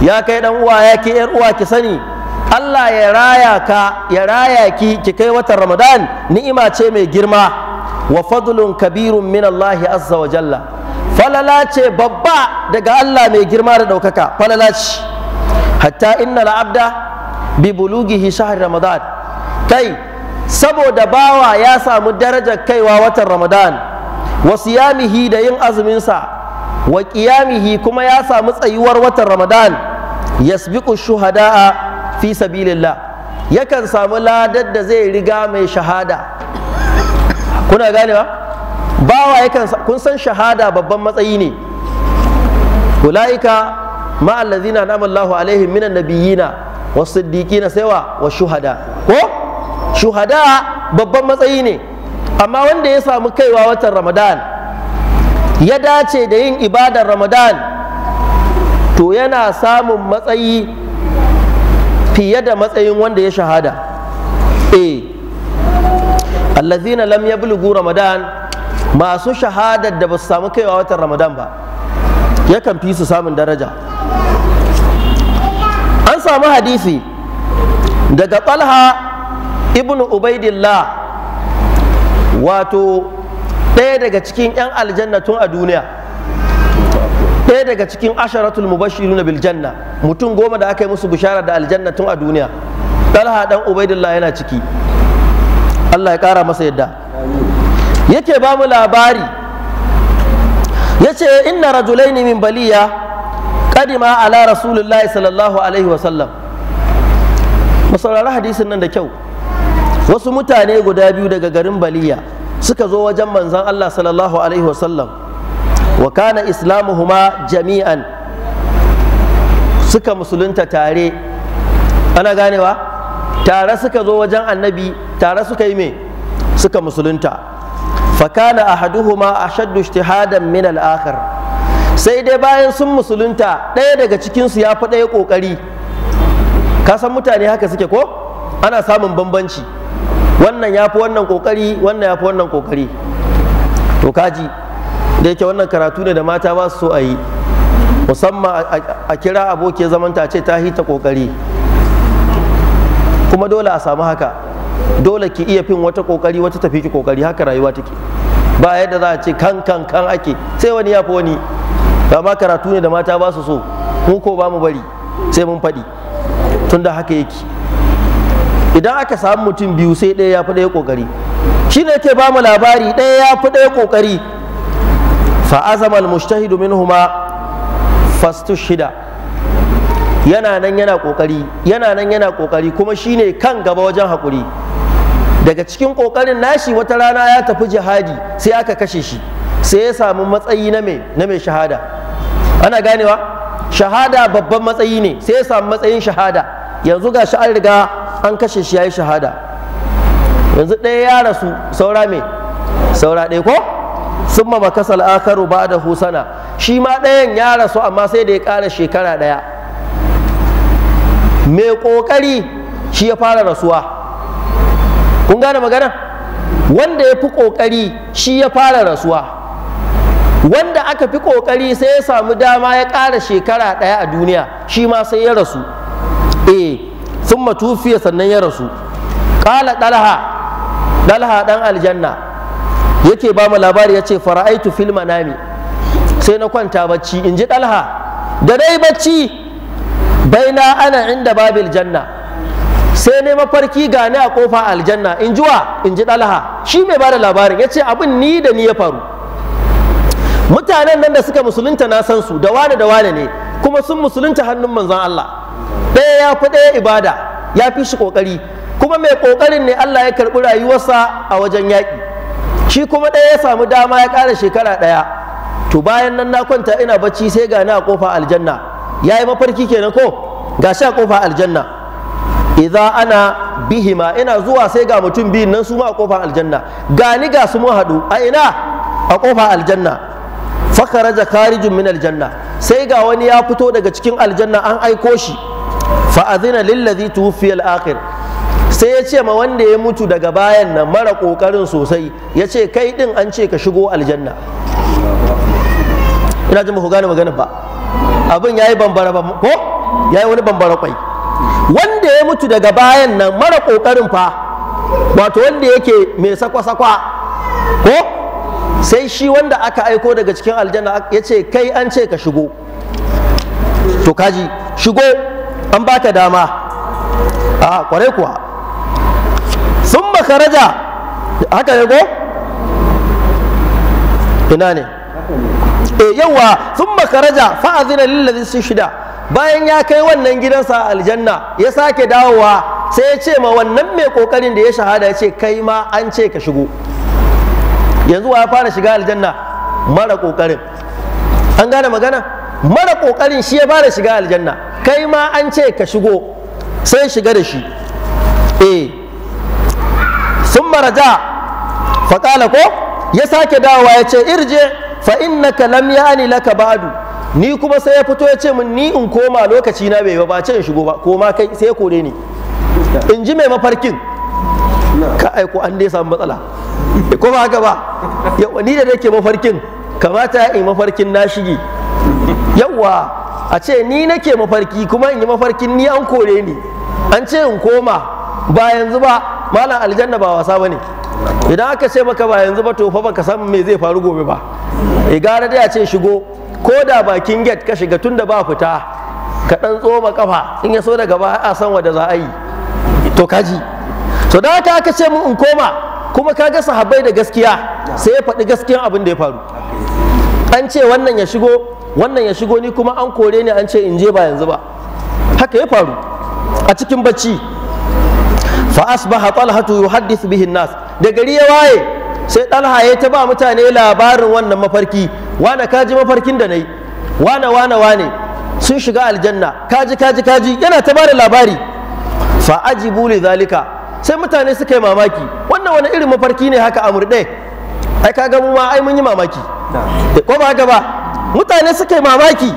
ya kai dan uwa ya ke yar uwa ki sani Allah ya raya ka ya raya ki ki kai watan Ramadan ni'ima ce mai girma wa fadlun kabirun min Allah azza wa jalla falala ce babba daga Allah mai girma da daukaka falala ce hatta innal abda bi bulugihi shahr Ramadan kai saboda bawa ya samu darajar kaiwa watan Ramadan wa siyamihi da yin azumin sa wa kuma ya samu tsayuwar watan ramadan yasbiqu shuhada'a fi sabilillah yakan samu ladar da zai riga mai shahada kuna ganewa bawa yakan kun san shahada babban matsayi ne ulaika ma allazina an'ama Allahu alaihim minan nabiyina wasiddiqina saiwa wa shuhada ko shuhada babban matsayi ne amma wanda ya samu kaiwa watan ramadan ya dace da yin ibadar ramadan to yana samun matsayi fiye da matsayin wanda ya shahada e allazina lam ya bulugu ramadan masu shahadar da ba su samu kaiwa watan ramadan ba yakan fi su samun daraja an samu hadisi daga talha ibnu ubaidillah wato ɗaya daga cikin 'yan aljanna tun a duniya ɗaya daga cikin asharatul mubashiru na biljanna. mutum goma da aka yi musu bishara da aljanna tun a duniya talha dan ubaidillah yana ciki Allah ya ƙara masa yadda yake ba mu labari Ya yace inna rajulaini min baliya Kadima ala rasulullahi sallallahu alaihi wa mu saurari hadisin nan da kyau wasu mutane guda biyu daga garin baliya suka zo wajen manzon Allah sallallahu alaihi wasallam wa kana islamuhuma jami'an suka musulunta tare ana ganewa tare suka zo wajen annabi tare suka yi me suka musulunta fakana ahaduhuma ashaddu ijtihadan min al-akhar sai dai bayan sun musulunta ɗaya daga cikinsu ya fi ɗaya ƙoƙari ka san mutane haka suke ko ana samun bambanci wannan ya fi wannan kokari wannan ya fi wannan kokari to kaji da yake wannan karatu ne da mata ba su so a yi musamman a kira zaman zamanta ce ta hita kokari kuma dole a samu haka dole ki iya fin wata kokari wata tafi ki kokari haka rayuwa take ba yadda za a ce kan kan kan ake sai wani ya fi wani ba ma karatu ne da mata ba su so mu ko ba mu bari sai mun faɗi tun da haka yake idan aka samu mutum biyu sai ɗaya ya fi ɗaya ƙoƙari shi ne ke bamu labari ɗaya ya fi ɗaya ƙoƙari fa'azama almushtahidu minhuma shida yana nan yana ƙoƙari yana nan yana ƙoƙari kuma shine kan gaba wajen haƙuri daga cikin ƙoƙarin nashi wata rana ya tafi jihadi sai aka kashe shi sai ya samu matsayi na mai na mai shahada ana ganewa shahada babban matsayi ne sai ya samu matsayin shahada yanzu ga shi an riga an kashe shi ya yi shahada yanzu ɗaya ya rasu saura me saura ɗaya ko sun ma kasal akaru ba da husana shi ma ɗayan ya rasu amma sai da ya ƙara shekara ɗaya mai ƙoƙari shi ya fara rasuwa kun gane magana wanda ya fi ƙoƙari shi ya fara rasuwa wanda aka fi ƙoƙari sai ya samu dama ya ƙara shekara ɗaya a duniya shi ma sai ya rasu eh sun matufiya sannan ya rasu ƙala ɗalha ɗalha ɗan aljanna yake ba mu labari ya ce fara'aitu fil manami sai na kwanta bacci in ji ɗalha da dai bacci baina ana inda babil janna sai ne mafarki gane a kofa aljanna in wa in ji ɗalha shi mai ba da labarin ya ce abin ni da ni ya faru mutanen nan da suka musulunta na san su da wane da wane ne kuma sun musulunta hannun manzon Allah ɗaya ya fi ɗaya ibada ya fi shi ƙoƙari kuma mai ƙoƙarin ne Allah ya karɓi rayuwarsa a wajen yaƙi shi kuma ɗaya ya samu dama ya ƙara shekara ɗaya to bayan nan na kwanta ina bacci sai ga na a ƙofa aljanna ya yi mafarki kenan ko ga shi a ƙofa aljanna idza ana bihima ina zuwa sai ga mutum biyun nan su ma a ƙofa aljanna ga ga su mun haɗu a ina a ƙofa aljanna fakaraja kharijun min aljanna sai ga wani ya fito daga cikin aljanna an aiko shi fa azina lillazi tuwfi al-akhir sai ya ce ma wanda ya mutu daga bayan nan mara kokarin sosai ya ce kai din an ce ka shigo aljanna ina jin ba ku gane magana ba abin yayi bambara ba ko yayi wani bambara kwai wanda ya mutu daga bayan nan mara kokarin fa wato wanda yake mai sakwa-sakwa ko sai shi wanda aka aiko daga cikin aljanna ya ce kai an ce ka shigo to kaji shigo an baka dama a kware kuwa sun makaraja haka ne ko ina ne e eh, yawa sun makaraja fa'azina lillazin sun shida bayan ya kai wannan gidansa a aljanna ya sake dawowa sai ya ce ma wannan mai kokarin da ya shahada ya ce kai ma an ce ka shigo yanzu wa ya fara shiga aljanna mara kokarin an gane magana mara kokarin shi ya fara shiga aljanna kai ma an ce ka shigo sai shiga da shi eh sun maraja faƙala ko ya sake dawowa ya ce irje fa innaka lam yani laka ba'du ni kuma sai ya fito ya ce min ni in koma lokaci na bai ba ce in shigo ba koma kai sai kore ni in ji mai mafarkin ka aiko an dai samu matsala da eh, ko ba haka ba yawa ni da nake mafarkin kamata in mafarkin na shige yawa a ce ni nake mafarki kuma in yi mafarkin ni an kore ni an ce in koma ba yanzu ba malam aljanna ba wasa ba ne idan aka ce maka ba yanzu ba to fa baka san me zai faru gobe ba e gara dai a ce shigo ko da bakin gate ka shiga tunda ba fita ka dan tsoma kafa in ya so daga ba a san wanda za a yi to kaji to da aka ce mu in koma kuma ka ga sahabbai da gaskiya sai ya faɗi gaskiyan abin da ya faru an ce wannan ya shigo wannan ya shigo ni kuma an kore ni an ce in je ba yanzu ba haka ya faru a cikin bacci fa asbaha talhatu yuhaddith bihi nas da gari ya waye sai talha ya ta ba mutane labarin wannan mafarki wane kaji mafarkin da nayi wane wane wane sun shiga aljanna kaji kaji kaji yana ta ba da labari fa ajibu li zalika sai mutane suka yi mamaki wannan wani irin mafarki ne haka a murɗe ai kaga mu ma ai mun yi mamaki ko ba haka ba mutane suka yi mamaki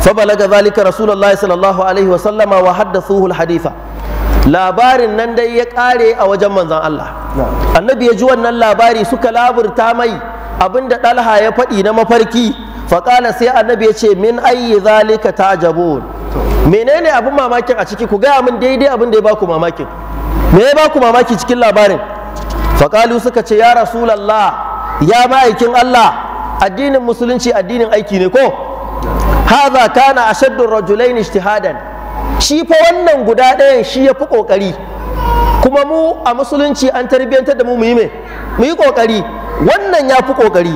fa balaga zalika rasulullahi sallallahu alaihi wa sallama wa haddathuhu alhaditha labarin nan dai ya kare a wajen manzon Allah annabi ya ji wannan labari suka laburta mai abinda dalha ya faɗi na mafarki faƙala sai annabi ya ce min ayi zalika ta'jabun menene abin mamakin a ciki ku gaya min daidai abin da ya baku mamakin me ya ku mamaki cikin labarin faƙalu suka ce ya rasulallah ya ma'aikin Allah addinin musulunci addinin aiki ne ko haza kana shaddun rajulain ijtihadan shi fa wannan guda ɗayan shi ya fi ƙoƙari kuma mu a musulunci an tarbiyyantar da mu mu yi ƙoƙari wannan ya fi ƙoƙari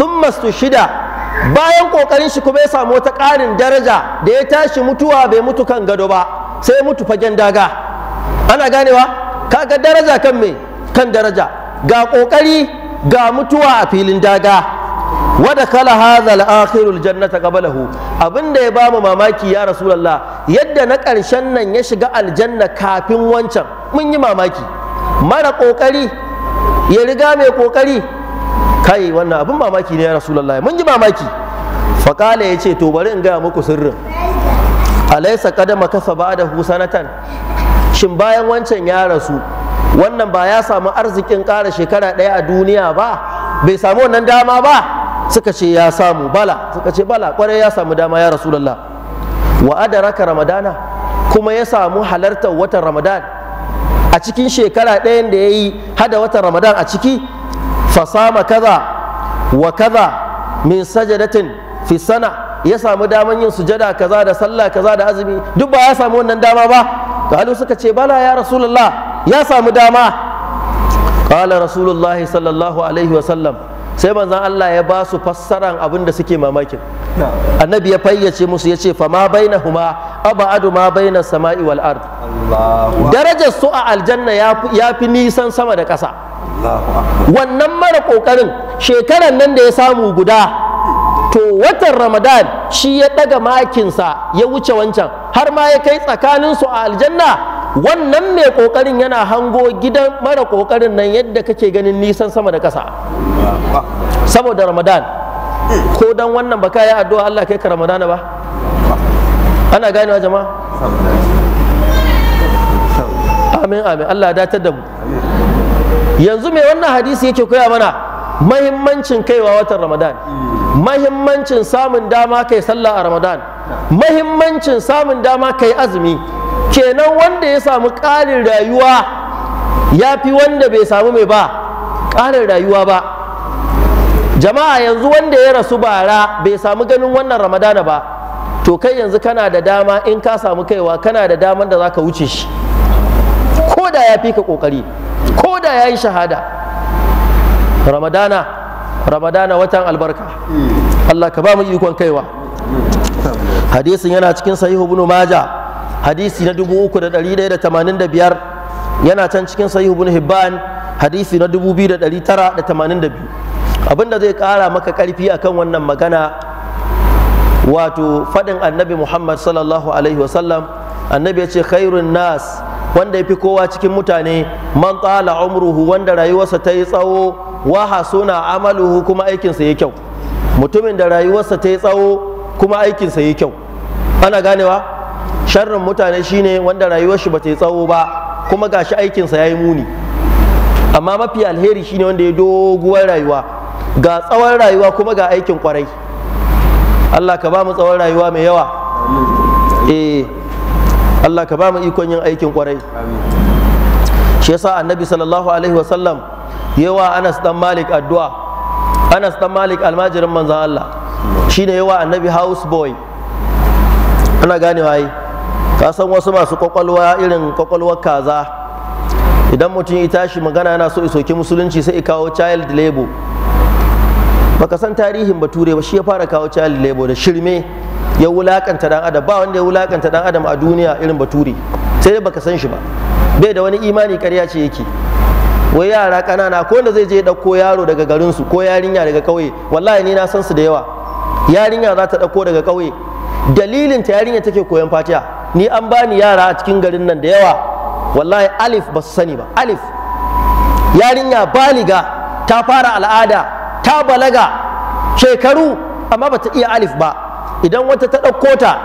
sun masu shida bayan ƙoƙarin shi kuma ya samu wata ƙarin daraja da ya tashi mutuwa bai mutu kan gado ba sai mutu fagen daga ana ganewa kaga daraja kan me kan daraja ga kokari ga mutuwa a filin daga wada kala hadha al-akhiru al-jannata qablahu abinda ya bamu mamaki ya rasulullah yadda na karshen nan ya shiga aljanna kafin wancan mun yi mamaki mara kokari ya riga mai kokari kai wannan abin mamaki ne ya rasulullah mun yi mamaki ya yace to bari in gaya muku sirrin alaysa qad makasa ba'dahu sanatan shin bayan wancan ya rasu wannan ba ya samu arzikin ƙara shekara ɗaya a duniya ba bai samu wannan dama ba suka ce ya samu bala suka ce bala kwarai ya samu dama ya lalla wa adaraka ramadana kuma ya samu halartar watan ramadan a cikin shekara ɗayan da ya yi hada watan ramadan a ciki fasama kaza wa kaza min sajadatin fi sana ya samu daman yin sujada kaza da sallah kaza da azumi duk ba ya samu wannan dama ba Kalu suka ce يا ya الله ya samu dama. قال رسول الله صلى الله عليه sai manzan Allah ya ba su fassaran abin da suke mamakin annabi ya fayyace musu ya ce fa ma aba adu ma baina sama'i wal ard darajar su a aljanna ya fi nisan sama da ƙasa wannan mara ƙoƙarin shekaran nan da ya samu guda to watan ramadan shi ya ɗaga makinsa ya wuce wancan har ma ya kai tsakaninsu a aljanna wannan mai kokarin yana hango gidan mara kokarin nan yadda kake ganin nisan sama da ƙasa saboda ramadan ko dan wannan baka ya addu'a Allah kai ka ramadan ba ana ganewa jama'a amin amin Allah datar da mu yanzu mai wannan hadisi yake koya mana mahimmancin kaiwa watan ramadan mahimmancin samun dama kai sallah a ramadan mahimmancin samun dama kai azumi kenan wanda ya samu ƙarin rayuwa ya fi wanda bai samu mai ba ƙarin rayuwa ba jama'a yanzu wanda ya rasu bara bai samu ganin wannan ramadana ba to kai yanzu kana da dama in ka samu kaiwa kana da damar da za ka wuce shi ko da ya fi ka ƙoƙari ko da ya yi shahada ramadana ramadana watan albarka Allah ka ba mu ikon kaiwa hadisin yana cikin sahihu ibn maja hadisi na 3185 yana can cikin sahihu ibn hibban hadisi na 2982 abinda zai kara maka karfi akan wannan magana wato fadin annabi muhammad sallallahu alaihi wasallam annabi ya ce khairun nas wanda ya fi kowa cikin mutane man tsala umruhu wanda rayuwarsa ta yi tsawo wa hasuna amaluhu kuma aikinsa ya kyau mutumin da rayuwarsa ta yi tsawo kuma aikinsa ya kyau ana ganewa sharrin mutane shine wanda rayuwar shi ta yi tsawo ba kuma gashi aikinsa ya yi muni amma mafi alheri shine wanda ya doguwar rayuwa ga tsawon rayuwa kuma ga aikin kwarai Allah ka ba mu tsawon rayuwa mai yawa eh Allah ka ba mu ikon yin aikin kwarai shi yasa annabi sallallahu alaihi wasallam yawa Anas dan Malik addu'a Anas dan Malik almajirin manzon Allah shine yawa annabi house boy ana gane waye ka san wasu masu kwakwalwa irin kwakwalwar kaza idan mutum ya tashi magana yana so isoki musulunci sai ya kawo child labor baka san tarihin bature ba shi ya fara kawo child labor da shirme ya wulakanta dan adam ba wanda ya wulakanta dan adam a duniya irin bature sai baka san shi ba bai da wani imani ƙarya ce yake wai yara ƙanana ko wanda zai je ɗauko yaro daga garinsu ko yarinya daga ƙauye wallahi ni na san su da yawa yarinya za ta ɗauko daga ƙauye dalilin ta yarinya take koyon fatiha ni an bani yara a cikin garin nan da yawa wallahi alif ba su sani ba alif yarinya baliga ta fara al'ada ta balaga shekaru amma ba ta iya alif ba idan wata ta ɗauko ta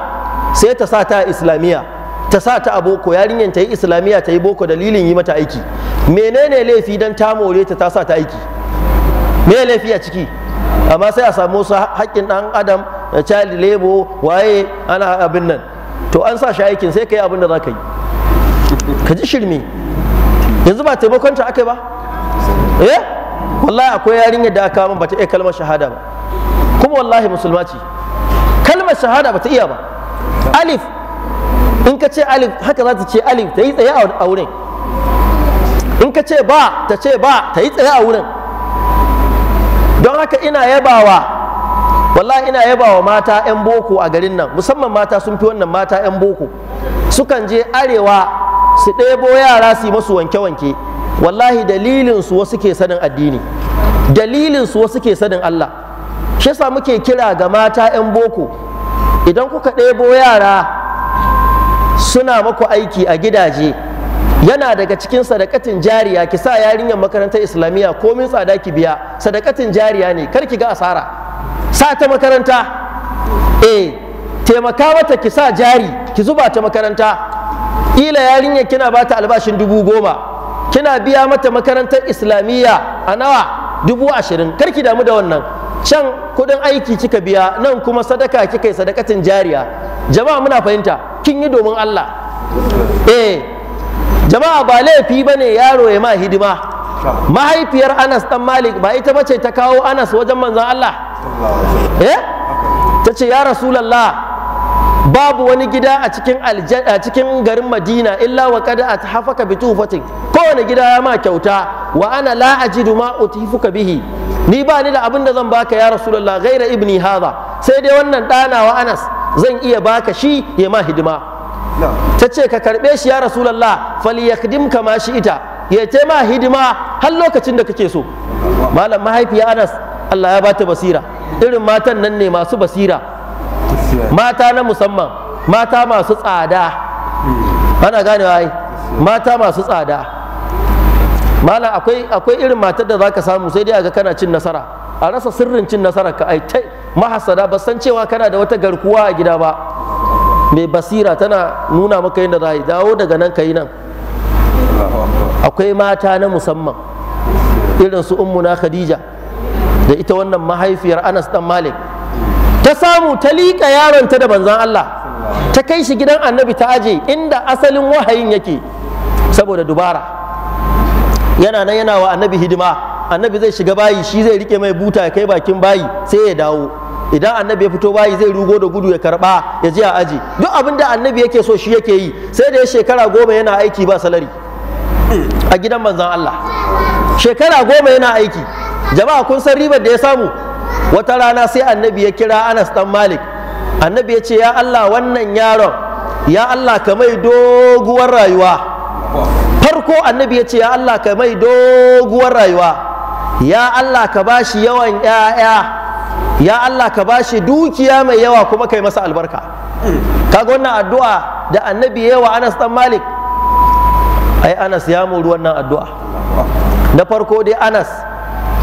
sai ta sa ta islamiyya ta sa ta a boko yarinyar ta yi islamiyya ta yi boko dalilin yi mata aiki menene laifi dan ta more ta sa ta aiki me laifi a ciki amma sai a samu su haƙƙin ɗan adam da eh, child labor waye ana abin nan to an sa shi aikin sai ka yi abin da za ka yi ka ji shirme yanzu ba taimakon ta aka yi ba eh wallahi akwai yarinyar da aka min bata iya kalmar shahada ba kuma wallahi musulma ce kalmar shahada ba ta iya ba alif in ka ce alif haka za ta ce alif ta yi tsaye a wurin in ka ce ba ta ce ba ta yi tsaye a wurin don haka ina yabawa wallahi ina yabawa mata 'yan boko a garin nan musamman mata sun fi wannan mata 'yan boko sukan je arewa su ɗebo yara su yi masu wanke-wanke wallahi dalilin su wasu ke sanin addini dalilin su wasu ke sanin Allah shi yasa muke kira ga mata 'yan boko idan kuka ɗebo yara suna maku aiki a gidaje yana daga cikin sadakatin jariya ki sa yarinyar makarantar islamiyya komin tsada ki biya sadakatin jariya ne kar ki ga asara sa ta makaranta eh taimaka mata ki sa jari ki zuba ta makaranta kila yarinyar kina ba ta albashin dubu goma kina biya mata makarantar islamiyya a nawa dubu ashirin kar ki damu da wannan Shan kudin aiki kika biya nan kuma sadaka kika yi sadakatin jariya jama'a muna fahimta kin yi domin Allah eh jama'a ba laifi bane yaro ya ma hidima mahaifiyar Anas dan Malik ba ita bace ta kawo Anas wajen manzon Allah eh ta ce ya rasulullah babu wani gida a cikin a cikin garin Madina illa wa qad athafaka bi tufatin kowane gida ya ma kyauta wa ana la ajidu ma utifuka bihi ni ba ni da abin da zan baka ya rasulullah ghaira ibni hadha sai dai wannan wa anas zan iya baka shi ya ma hidima ta ce ka karɓe shi ya rasulallah falyakdim kama shi ita ya ce ma hidima har lokacin da kake so malam mahaifiya anas Allah ya bata basira irin matan nan ne masu basira mata na musamman mata masu tsada hmm. ana ganewa ai mata masu tsada mala akwai akwai irin matar da zaka samu sai dai ga kana cin nasara a rasa sirrin cin nasara ka ai tai mahasada ba san cewa kana da wata garkuwa a gida ba mai basira tana nuna maka yadda za dawo daga nan ka yi nan akwai mata na musamman irin su ummuna khadija da ita wannan mahaifiyar anas dan malik ta samu ta liƙa yaronta da banzan allah ta kai shi gidan annabi ta aje inda asalin wahayin yake saboda dubara yana nan yana wa annabi hidima annabi zai shiga bayi shi zai rike mai buta ya kai bakin bayi sai ya dawo idan annabi ya fito bayi zai rugo da gudu ya karba ya je a aji duk abin da annabi yake so shi yake yi sai da ya shekara goma yana aiki ba salari a gidan manzan Allah shekara goma yana aiki jama'a kun san ribar da ya samu wata rana sai annabi ya kira Anas dan Malik annabi ya ce ya Allah wannan yaron ya Allah ka mai doguwar rayuwa farko annabi ya ce ya Allah ka mai doguwar rayuwa ya Allah ka bashi yawan ‘ya'ya ya Allah ka bashi dukiya mai yawa kuma kai masa albarka kaga wannan addu'a da annabi wa Anas dan Malik ai Anas ya muru wannan addu'a na farko dai Anas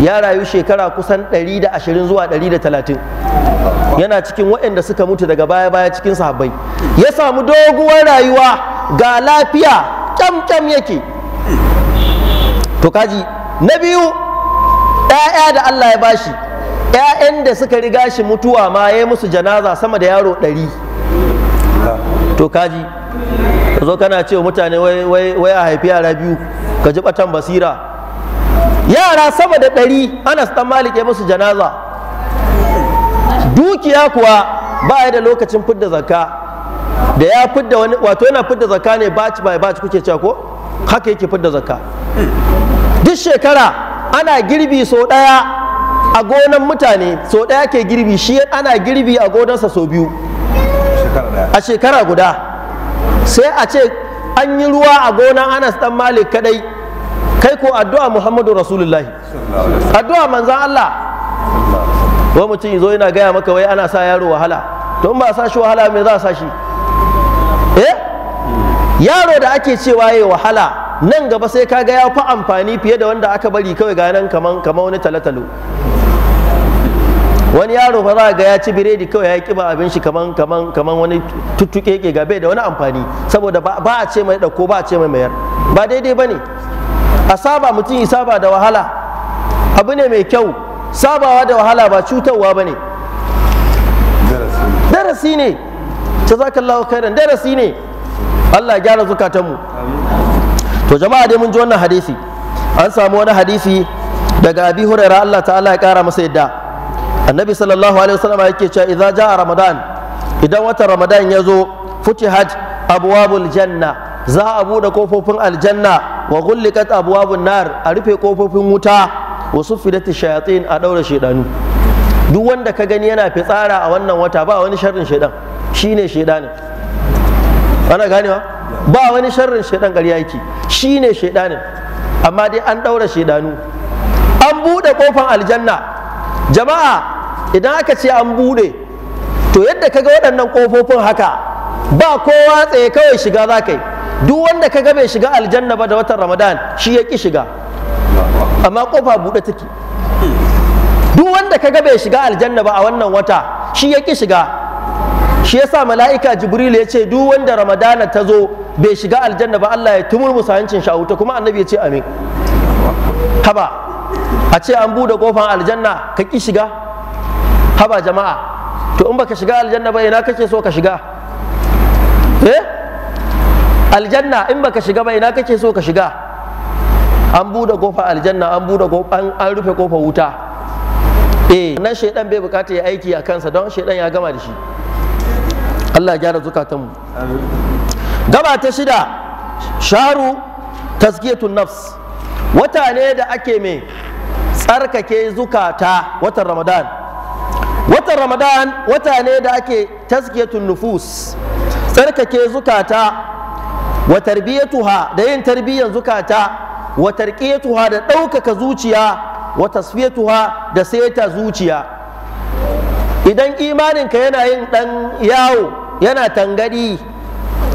ya rayu shekara kusan 120 zuwa 130 yana cikin waɗanda suka mutu daga baya-baya cikin sahabbai ya samu doguwar rayuwa ga lafiya kyamkyam yake to kaji na biyu ‘ya'ya da Allah ya bashi ‘ya'yan da suka riga shi mutuwa ma ya yi musu janaza sama da yaro ɗari to kaji zo kana cewa mutane wai a haifi yara biyu ka ji batan basira yara sama da ɗari ana stan malik ya musu janaza dukiya kuwa ba ya da lokacin fidda zakka da ya fidda wani wato yana fidda zakka ne baci bai baci kuke cewa ko haka yake fidda zakka duk shekara ana girbi sau ɗaya a gonan mutane sau ɗaya ke girbi shi ana girbi a gonarsa sau biyu a shekara guda sai a ce an yi ruwa a gonan anas dan malik kadai kai ko addu'a muhammadu rasulullahi addu'a manzan allah wa mutum zo yana gaya maka wai ana sa yaro wahala to in ba sa shi wahala me za a sa shi Eh? yaro da ake cewa ya wahala nan gaba sai kaga ya fi amfani fiye da wanda aka bari kawai ga nan kaman wani talatalo wani yaro fa za ga ya ci biredi kawai ya kiba abin shi kaman kaman kaman wani tuttuke ke gabe da wani amfani saboda ba a ce mai dauko ba a ce mai mayar ba daidai ba ne. a saba mutum ya saba da wahala abu ne mai kyau sabawa da wahala ba cutarwa ne. darasi ne jazakallahu khairan darasi ne Allah ya gyara mu. to jama'a dai mun ji wannan hadisi an samu wani hadisi daga abi hurairah Allah ta'ala ya kara masa yadda annabi sallallahu alaihi wasallam yake cewa idza jaa ramadan idan watan ramadan ya zo futihat abwabul janna za a bude kofofin aljanna wa ghulliqat abwabun nar a rufe kofofin wuta wa sufidat shayatin a daura shedanu duk wanda ka gani yana fitsara a wannan wata ba wani sharrin shedan Shi ne shaidanin ana ganewa ba wani sharrin shaidan gari ƙarya yake ne shaidanin amma dai an ɗaura shaidanu an buɗe ƙofan aljanna jama'a idan aka ce an buɗe to yadda kaga waɗannan ƙofofin haka ba kowa tsaye kawai shiga za ka yi duk wanda kaga bai shiga aljanna ba da watan ramadan shi ya ƙi shiga amma ƙofa buɗe take duk wanda kaga bai shiga aljanna ba a wannan wata shi ya ƙi shiga shi yasa mala'ika jibril ya ce duk wanda ramadana ta zo bai shiga aljanna ba Allah ya tumurmusa hancin shi a wuta kuma annabi ya ce amin haba a ce an bude kofan aljanna ka ki shiga haba jama'a to in baka shiga aljanna ba ina kake so ka shiga eh aljanna in baka shiga ba ina kake so ka shiga an bude kofa aljanna an bude an rufe kofa wuta eh nan shaidan bai bukata ya aiki a kansa don shaidan ya gama da shi Allah ya gyara zukatanmu gaba ta shida sharu tazkiyatun nafs wata ne da ake mai tsarkake zukata watan ramadan watan ramadan wata ne da ake tazkiyatun nufus tsarkake zukata wa tarbiyatuha da yin tarbiyyar zukata wa tarqiyatuha da ɗaukaka zuciya wa tasfiyatuha da saita zuciya idan imaninka yana yin ɗan yawo yana tangadi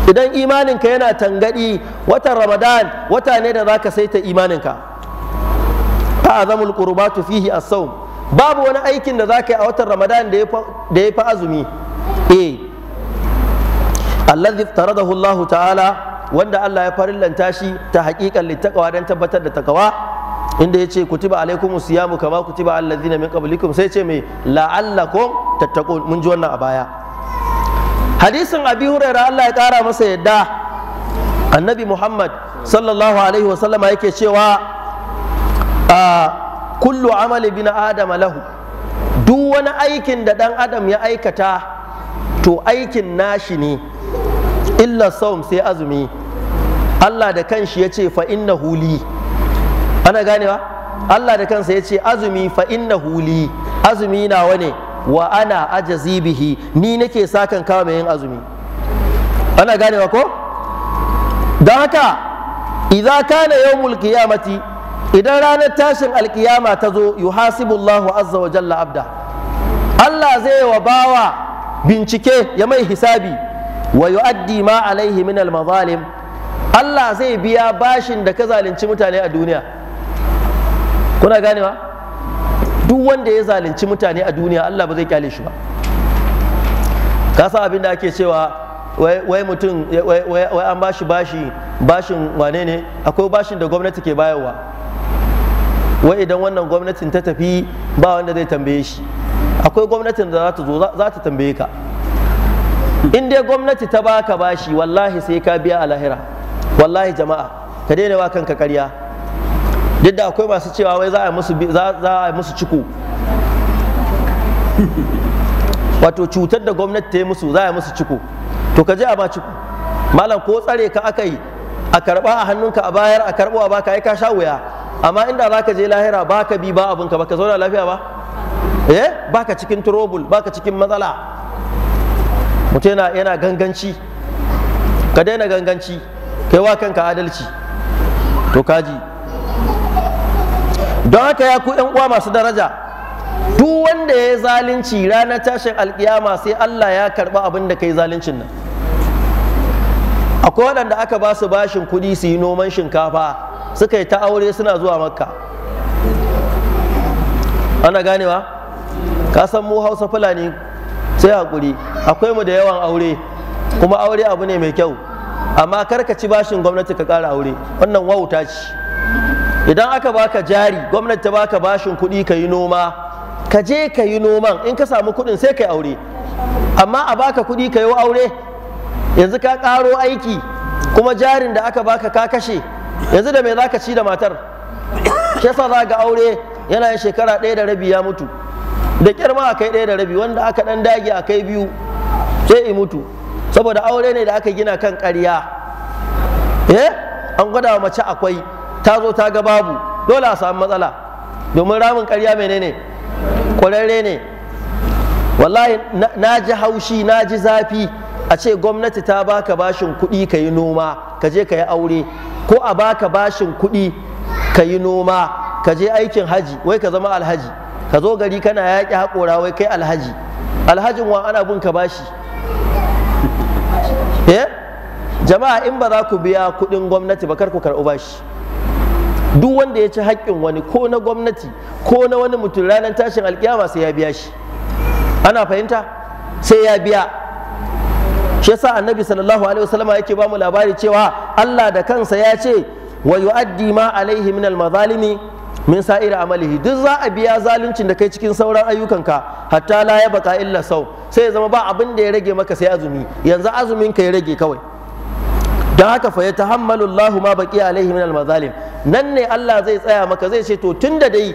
idan imaninka yana tangadi watan ramadan wata ne da zaka saita imaninka fa azamul qurbatu fihi as-sawm babu wani aikin da zaka yi a watan ramadan da ya fa azumi eh alladhi Allah ta'ala wanda Allah ya farillanta shi ta haƙiƙan littaqwa dan tabbatar da takawa inda ya ce kutiba alaikum siyamu kama kutiba alladhina min qablikum sai ce mai la'allakum tattaqun mun ji wannan a baya hadisin abi huraira Allah ya kara masa yadda annabi muhammad sallallahu alaihi wasallama yake cewa a kullu amali bin adam lahu duk wani aikin da dan adam ya aikata to aikin nashi ne illa saum sai azumi Allah da kanshi ya ce fa inna huli ana ganewa Allah da kansa ya ce azumi fa inna huli azumi nawa ne wa ana ajazi bihi ni nake sakan kawo mai yin azumi ana ganewa ko don haka idza kana yawmul qiyamati idan ranar tashin alkiyama ta zo yuhasibullahu azza wa jalla abda Allah zai wa bawa bincike ya mai hisabi wa yu'addi ma alaihi min al-mazalim Allah zai biya bashin da ka zalunci mutane a duniya kuna ganewa duk wanda ya zalunci mutane a duniya Allah ba zai kyale shi ba ka san abin da ake cewa wai mutum wai an bashi bashi bashin wane ne akwai bashin da gwamnati ke bayarwa wai idan wannan gwamnatin ta tafi ba wanda zai tambaye shi akwai gwamnatin da za ta zo za ta tambaye ka in dai gwamnati ta baka bashi wallahi sai ka biya a lahira wallahi jama'a ka daina wa kanka karya duk da akwai masu cewa wai za a yi musu ciko wato cutar da gwamnati ta yi musu za a yi musu ciko to ka je a ba ciko malam ko tsare ka aka yi a karba a hannunka a bayar a karbo a baka ai ka sha wuya amma inda za ka je lahira ba ka bi ba abinka ba ka zauna lafiya ba eh ba ka cikin trouble ba ka cikin matsala mutum yana ganganci ka daina ganganci kai wa kanka adalci to kaji don haka ya ku uwa masu daraja duk wanda ya yi zalunci ranar tashin alkiyama sai Allah ya karɓi abin da ka yi zaluncin nan akwai waɗanda aka ba su bashin kuɗi su yi noman shinkafa suka yi ta aure suna zuwa makka ana ganewa ka san mu hausa fulani sai hakuri akwai mu da yawan aure kuma aure abu ne mai kyau amma kar ka ci bashin gwamnati ka ƙara aure wannan wauta ce idan aka baka jari gwamnati ta baka bashin kuɗi ka yi noma ka je ka yi noman in ka samu kuɗin sai ka yi aure amma a baka kuɗi ka yi aure yanzu ka ƙaro aiki kuma jarin da aka baka ka kashe yanzu da mai za ka ci da matar shi yasa za ga aure yana yin shekara ɗaya da rabi ya mutu da kyar ma akai ɗaya da rabi wanda aka ɗan dage akai biyu sai i mutu saboda aure ne da aka gina kan ƙarya eh an gwada mace akwai ta zo ta ga babu dole a samu matsala domin ramin karya menene ƙwararre ne wallahi na ji haushi na ji zafi a ce gwamnati ta baka bashin kuɗi ka yi noma ka je ka yi aure ko a baka bashin kuɗi ka yi noma ka je aikin haji wai ka zama alhaji ka zo gari kana yaƙi haƙora wai kai alhaji alhajin wa ana bin ka bashi eh? jama'a in ba za ku biya kuɗin gwamnati ba kar ku karɓi bashi duk wanda ya ci haƙƙin wani ko na gwamnati ko na wani mutum ranar tashin alkiyama sai ya biya shi ana fahimta sai ya biya shi yasa annabi sallallahu alaihi wasallam yake ba mu labari cewa Allah da kansa ya ce wa yu'addi ma alaihi min al-mazalimi min sa'ira amalihi duk za a biya zaluncin da kai cikin sauran ayyukanka hatta la ya baka illa sau sai ya zama ba abin da ya rage maka sai azumi yanzu azumin ka ya rage kawai da haka fa ya tahammalu Allah ma baqi alaihi min al-mazalim nan ne Allah zai tsaya maka zai ce to tunda dai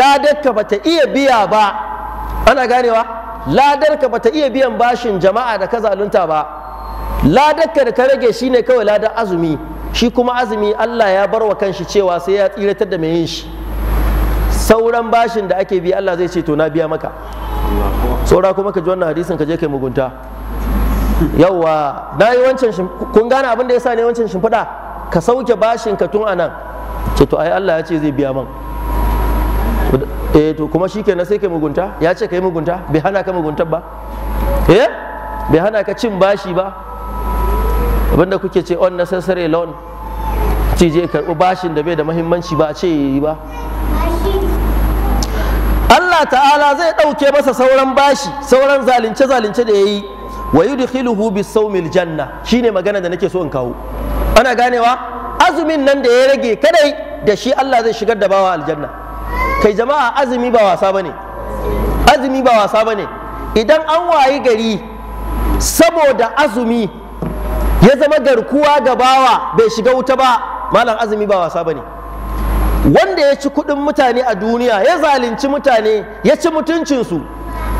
ladarka bata iya biya ba ana ganewa ladarka bata iya biyan bashin jama'a da ka zalunta ba ladarka da ka rage shine kawai ladar azumi shi kuma azumi Allah ya bar wa kanshi cewa sai ya tsiratar da mai yin shi sauran bashin da ake bi Allah zai ce to na biya maka saura kuma ka ji wannan hadisin ka je kai mugunta yauwa na yi wancan kun gane abin da ya sa ne wancan shimfiɗa ka sauke bashin ka tun anan ce to ai Allah ya ce zai biya man eh to kuma shi kenan sai kai mugunta ya ce kai mugunta bai hana ka muguntar ba eh bai hana ka cin bashi ba abinda kuke ce on necessary loan ce je karɓi bashin da bai da mahimmanci ba a ce yi ba Allah ta'ala zai ɗauke masa sauran bashi sauran zalunce zalunce da ya yi wa yudkhiluhu bisawmil janna shine magana da nake so in kawo ana ganewa azumin nan da ya rage kadai da shi Allah zai shigar da bawa aljanna kai jama'a azumi ba wasa bane azumi ba wasa bane idan an wayi gari saboda azumi ya zama garkuwa ga bawa bai shiga wuta ba malam azumi ba wasa bane wanda ya ci kuɗin mutane a duniya ya zalunci mutane ya ci mutuncinsu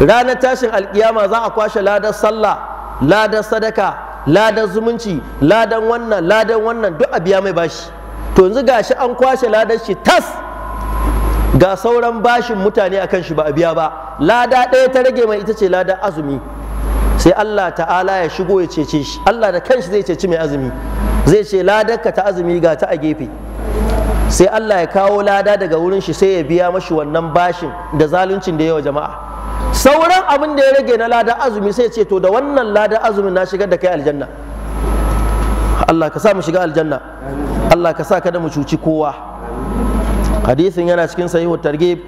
ranar tashin alkiyama za a kwashe ladar sallah ladar sadaka ladar zumunci ladan wannan ladan wannan duk a biya mai bashi to yanzu gashi an kwashe ladar shi tas ga sauran bashin mutane akan shi ba a biya ba lada ɗaya ta rage mai ita ce ladar azumi sai Allah ta'ala ya shigo ya cece shi Allah da kanshi zai ceci mai azumi zai ce ladarka ta azumi ga ta a gefe sai Allah ya kawo lada daga wurin shi sai ya biya mashi wannan bashin da zaluncin da yawa jama'a sauran abin da ya rage na ladan azumi sai ce to da wannan lada azumin na shigar da kai aljanna Allah ka sa mu shiga aljanna Allah ka sa kada mu cuci kowa hadisin yana cikin sahihu targhib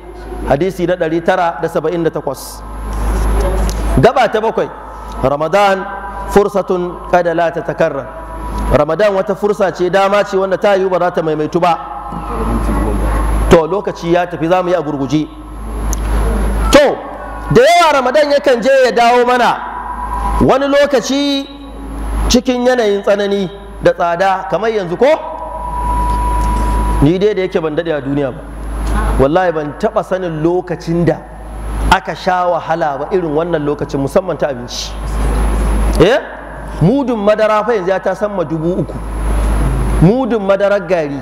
hadisi na 978 gaba ta bakwai ramadan fursatun kada la ta takarra ramadan wata fursa ce dama ce wanda ta yiwu ba za ta maimaitu ba to lokaci ya tafi za mu yi a gurguje da yawa ramadan yakan je ya dawo mana wani lokaci cikin yanayin tsanani da tsada kamar yanzu ko ni dai da yake ban daɗe a duniya ba wallahi ban taɓa sanin lokacin da aka sha wahala ba irin wannan lokacin musamman ta abinci eh mudun madara fa yanzu ya ta sama dubu uku mudun madarar gari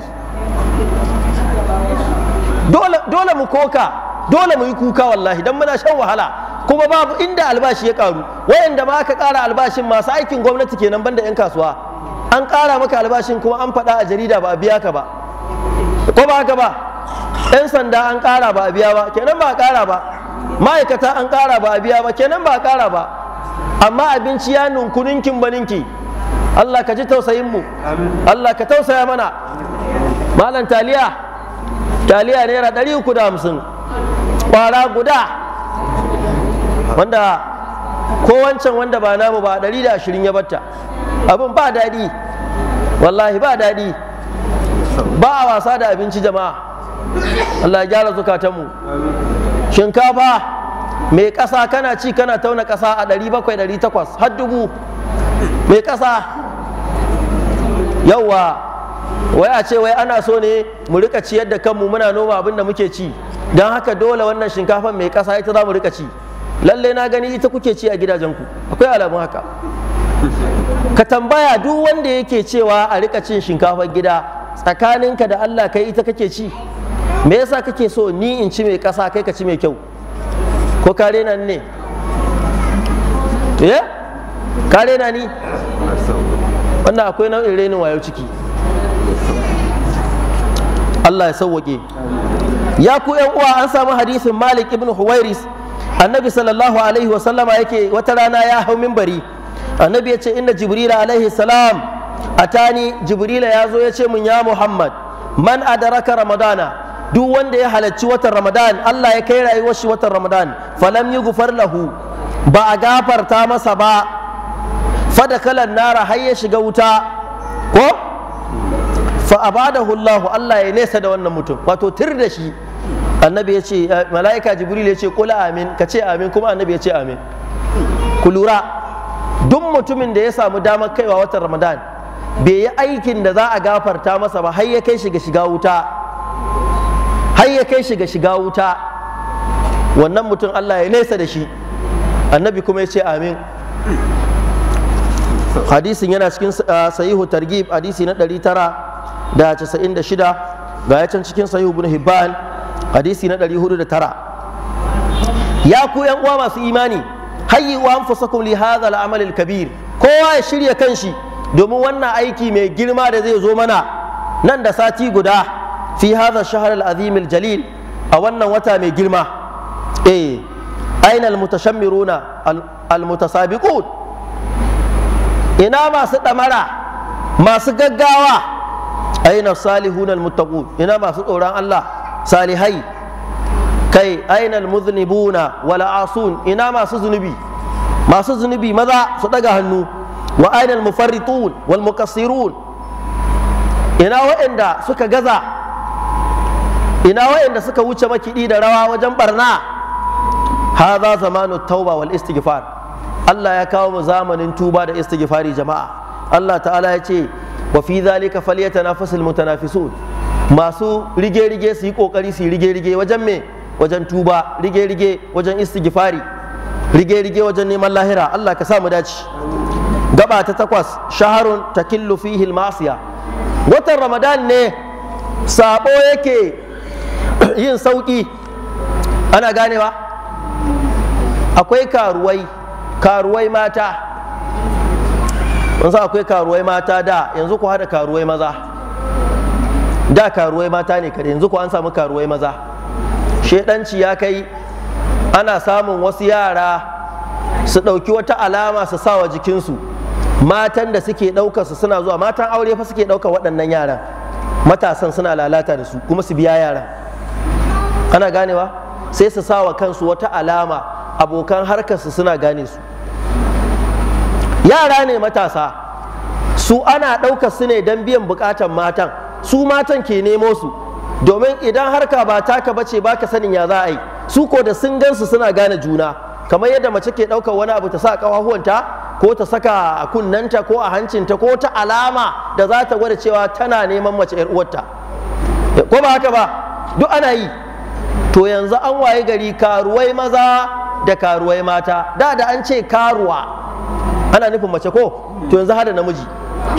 dole mu koka dole mu yi kuka wallahi dan muna shan wahala kuma babu inda albashi ya karu wayanda ma aka kara albashin masu aikin gwamnati kenan banda yan kasuwa an kara maka albashin kuma an faɗa a jarida ba a biya ka ba ko ba haka ba yan sanda an kara ba a biya ba kenan ba a kara ba ma'aikata an kara ba a biya ba kenan ba a kara ba amma abinci ya ninku ninkin ba ninki Allah ka ji tausayin mu Allah ka tausaya mana malam taliya taliya naira ɗari uku da hamsin kwara guda wanda ko wancan wanda ba namu ba ɗari da ashirin ya batta abin ba daɗi wallahi ba daɗi ba a wasa da abinci jama'a Allah ya gyara zukatanmu shinkafa mai ƙasa kana ci kana tauna ƙasa a ɗari bakwai ɗari takwas har dubu mai ƙasa yauwa wai a ce wai ana so ne mu rika ciyar da kanmu muna noma abin da muke ci don haka dole wannan shinkafan mai ƙasa ita za mu rika ci lallai na gani ita kuke ci a gidajenku akwai alamun haka ka tambaya duk wanda yake cewa a rika cin shinkafar gida tsakaninka da Allah kai ita kake ci me yasa kake so ni in ci mai ƙasa kai ka ci mai kyau ko ka nan ne eh? ka rena ni wannan akwai nau'in renin wayo ciki Allah ya sauwake ya ku yan uwa an samu hadisin Malik ibn Huwairis annabi sallallahu alaihi wa sallama yake wata rana ya hau bari. annabi ya ce inna jibrila alaihi salam atani jibrila ya zo ya ce mun ya Muhammad man adaraka ramadana duk wanda ya halarci watan ramadan Allah ya kai rayuwar shi watan ramadan falam yi lahu ba a gafarta masa ba Faɗa kalan nara har ya shiga wuta ko fa abadahu Allah Allah ya nesa da wannan mutum wato tir da shi annabi ya ce eh, mala'ika jibril ya ce kula amin ka ce amin kuma annabi ya ce amin ku lura duk mutumin da ya samu damar kaiwa watan ramadan bai yi aikin da za a gafarta masa ba har ya kai shi ga shiga wuta har ya kai shi ga shiga wuta wannan mutum Allah ya nesa da shi annabi kuma ya ce amin hadisin yana cikin eh, sahihu targhib hadisi na 900 da casa'in da shida ga ya can cikin sahihu ibn hibban hadisi na ɗari hudu da tara ya ku yan uwa masu imani hayyi wa anfusakum li hadha al-amal kabir kowa ya shirya kanshi domin wannan aiki mai girma da zai zo mana nan da sati guda fi hadha shahr al jalil a wannan wata mai girma eh aina al-mutashammiruna al-mutasabiqun ina masu damara masu gaggawa aina salihun almuttaqun ina masu tsoron Allah salihai kai aina almuznibuna wala asun ina masu zunubi masu zunubi maza su daga hannu wa aina almufarritun wal mukassirun ina waɗanda suka gaza ina waɗanda suka wuce makiɗi da rawa wajen barna hadha zamanu tauba wal istighfar Allah ya kawo mu zamanin tuba da istighfari jama'a Allah ta'ala ya ce wa fi zalika falyatanafasul mutanafisun masu rige-rige su yi kokari su rige-rige wajen me wajen tuba rige-rige wajen istighfari rige-rige wajen neman lahira Allah ka samu dace gaba ta takwas shaharun takillu fihi masiya watan ramadan ne sabo yake yin sauki ana ganewa akwai karuwai karuwai mata kun akwai karuwai mata da yanzu ku hada karuwai maza da karuwai mata ne kare yanzu ku an samu karuwai maza shedanci ya kai ana samun wasu yara su ɗauki wata alama su sa wa jikinsu matan da suke ɗauka su suna zuwa matan aure fa suke ɗauka waɗannan yaran matasan suna lalata da su kuma su biya yaran ana ganewa sai su sa kansu wata alama abokan harkarsu suna gane su yara ne matasa su ana ɗaukar su ne don biyan bukatan matan su matan ke nemo su domin idan harka ba taka bace ka sanin ya za a yi su ko da sun gansu suna gane juna kamar yadda mace ke ɗaukar wani abu ta sa ko ta saka a kunnanta ko a hancinta ko ta alama da za ta gwada cewa tana neman mace yar uwarta ko ba haka ba duk ana yi to yanzu an waye gari karuwai maza da karuwai mata da da an ce karuwa ana nufin mace ko to yanzu hada namiji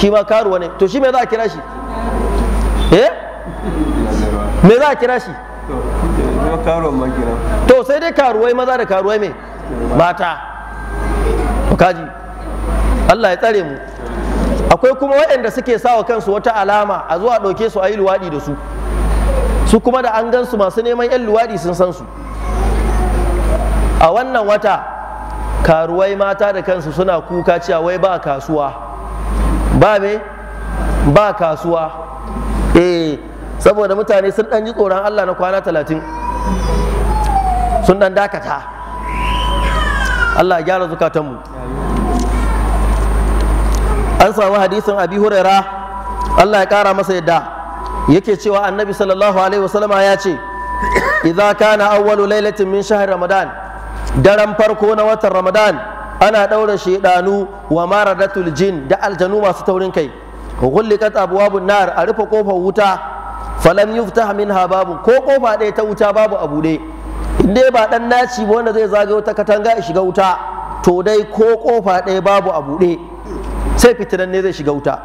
shi ma karuwa ne to shi me za a kira shi eh me za a kira shi to sai dai karuwai maza da karuwai me mata kaji Allah ya tsare mu akwai kuma waɗanda suke sawa kansu wata alama a zuwa ɗauke su a yi luwaɗi da su su kuma da an gan su masu neman 'yan luwaɗi sun san su a wannan wata karuwai mata da kansu suna kuka cewa wai ba kasuwa ba me ba kasuwa eh saboda mutane sun dan ji tsoron Allah na kwana talatin sun dan dakata Allah ya gyara zukatanmu an samu hadisin abi huraira Allah ya kara masa yadda yake cewa annabi sallallahu alaihi wasallama ya ce idza kana awwalu lailatin min shahri ramadan daren farko na watan ramadan ana ɗaura shaidanu wa maradatul jin da aljanu masu taurin kai ghulliqat abwabun nar a rufe kofar wuta falam hamin ha babu ko kofa ɗaya ta wuta babu a buɗe in dai ba ɗan naci ba wanda zai zage wata katanga ya shiga wuta to dai ko kofa ɗaya babu a buɗe sai fitinan ne zai shiga wuta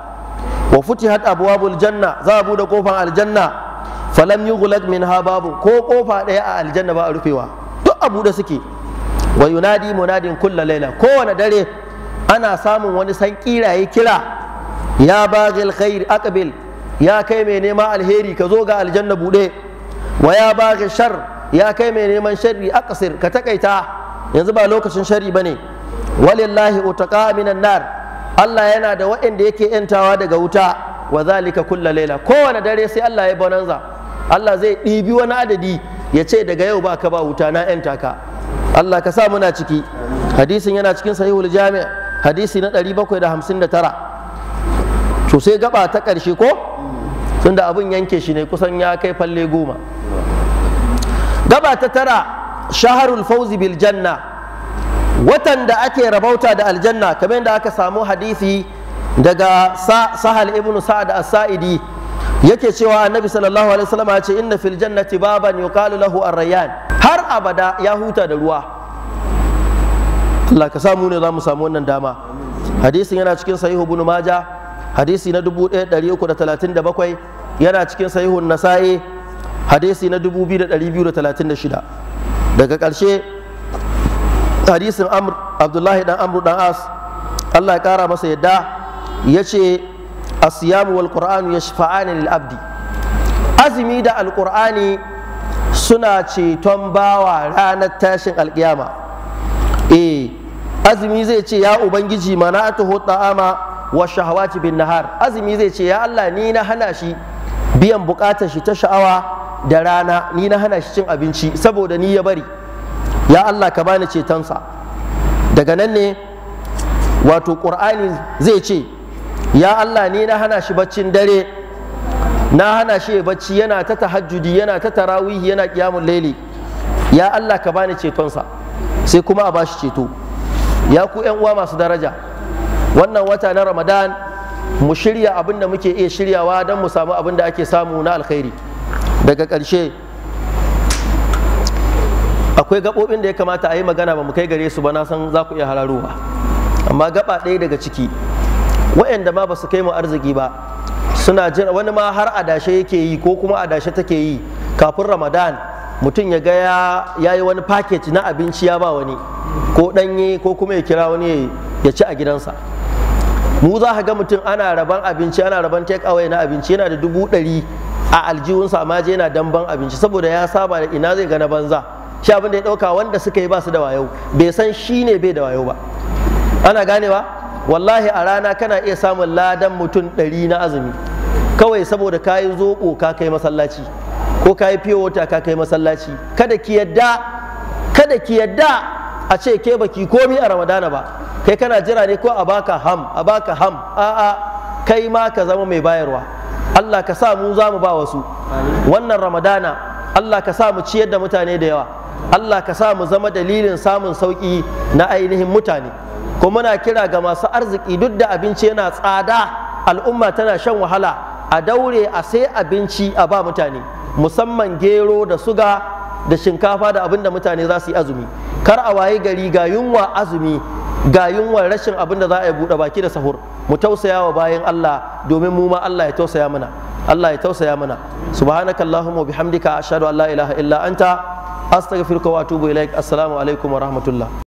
wa hat abwabul janna za a buɗe kofar aljanna falam yughlaq ha babu ko kofa ɗaya a aljanna ba a rufewa duk a buɗe suke wa yunadi munadin kulla laila kowane dare ana samun wani san kiraye kira ya bagil khair aqbil ya kai mai neman alheri ka zo ga aljanna bude wa ya baghil shar ya kai mai neman sharri aqsir ka takaita yanzu ba lokacin sharri bane walillahi utaqa minan nar Allah yana da waɗanda yake yantawa daga wuta wa zalika kulla laila kowane dare sai Allah ya bonanza Allah zai ɗibi wani adadi ya ce daga yau ba ka ba wuta na yanta ka Allah ka sa muna ciki hadisin yana cikin sahihul jami' hadisi na 759 to sai gaba ta ƙarshe ko tunda abin yanke shi ne kusan ya kai falle goma gaba ta tara shaharul fauzi bil janna watan da ake rabauta da aljanna kamar yadda aka samu hadisi daga sahal ibn sa'ad as-sa'idi yake cewa annabi sallallahu alaihi wasallam ya ce inna fil jannati baban yuqalu lahu ar-rayyan abada ya huta da ruwa Allah ka samu ne za mu samu wannan dama hadisin yana cikin sahihu ibn maja hadisi na 1337 yana cikin sahihun nasa'i hadisi na 2236 daga ƙarshe hadisin amr abdullahi dan amru dan as Allah ya kara masa yadda ya ce asiyamu wal qur'anu yashfa'ani lil abdi azumi da alqur'ani suna ceton bawa ranar tashin alkiyama eh azumi zai ce ya ubangiji mana ta'ama wa shahawati bin nahar azumi zai ce ya Allah ni na hana shi biyan bukatar shi ta sha'awa da rana ni na hana shi cin abinci saboda ni ya bari ya Allah ka bani cetonsa daga nan ne wato ƙur'ani zai ce ya Allah ni na hana shi baccin dare na hana shi ya bacci yana ta tahajjudi yana ta tarawihi yana kiyamun laili ya Allah ka bani ceton sa sai kuma a bashi ceto ya ku yan uwa masu daraja wannan wata na ramadan mu shirya abin da muke iya shiryawa don mu samu abin da ake samu na alkhairi daga ƙarshe akwai gaɓoɓin da ya kamata a yi magana ba mu kai gare su ba na san za ku iya hararowa amma gaba ɗaya daga ciki waɗanda ma ba su kai mu arziki ba suna jira wani ma har adashe yake yi ko kuma adashe take yi kafin ramadan mutum ya ga ya yi wani paket na abinci ya ba wani ko ɗanye ko kuma ya kira wani ya ci a gidansa mu za ka ga mutum ana raban abinci ana raban take away na abinci yana da dubu ɗari a aljihunsa amma je yana damban abinci saboda ya saba da ina zai gana banza shi abinda ya ɗauka wanda suka yi ba su da wayo bai san shi ne bai da wayo ba ana ganewa wallahi a rana kana iya samun ladan mutum ɗari na azumi kawai saboda ka yi zoɓo ka kai masallaci ko ka yi fiye ka kai masallaci kada ki yadda a ce ke baki komi a ramadana ba kai kana jira ne ko a baka ham a baka ham a'a kai ma ka zama mai bayarwa Allah ka sa mu za mu ba wasu wannan ramadana Allah ka sa mu ciyar da mutane da yawa Allah ka sa mu zama dalilin samun sauƙi na ainihin mutane kuma muna kira ga masu arziki duk da abinci yana tsada al'umma tana shan wahala a daure a sai abinci a ba mutane musamman gero da suga da shinkafa da abinda mutane za su yi azumi kar a waye gari ga yunwa azumi ga yunwa rashin abin da za a yi buɗe baki da sahur mu tausaya wa bayan Allah domin mu ma Allah ya tausaya mana Allah ya tausaya mana subhanakallahumma bihamdika ashhadu an la ilaha illa anta astaghfiruka wa atubu ilaik assalamu alaikum wa rahmatullah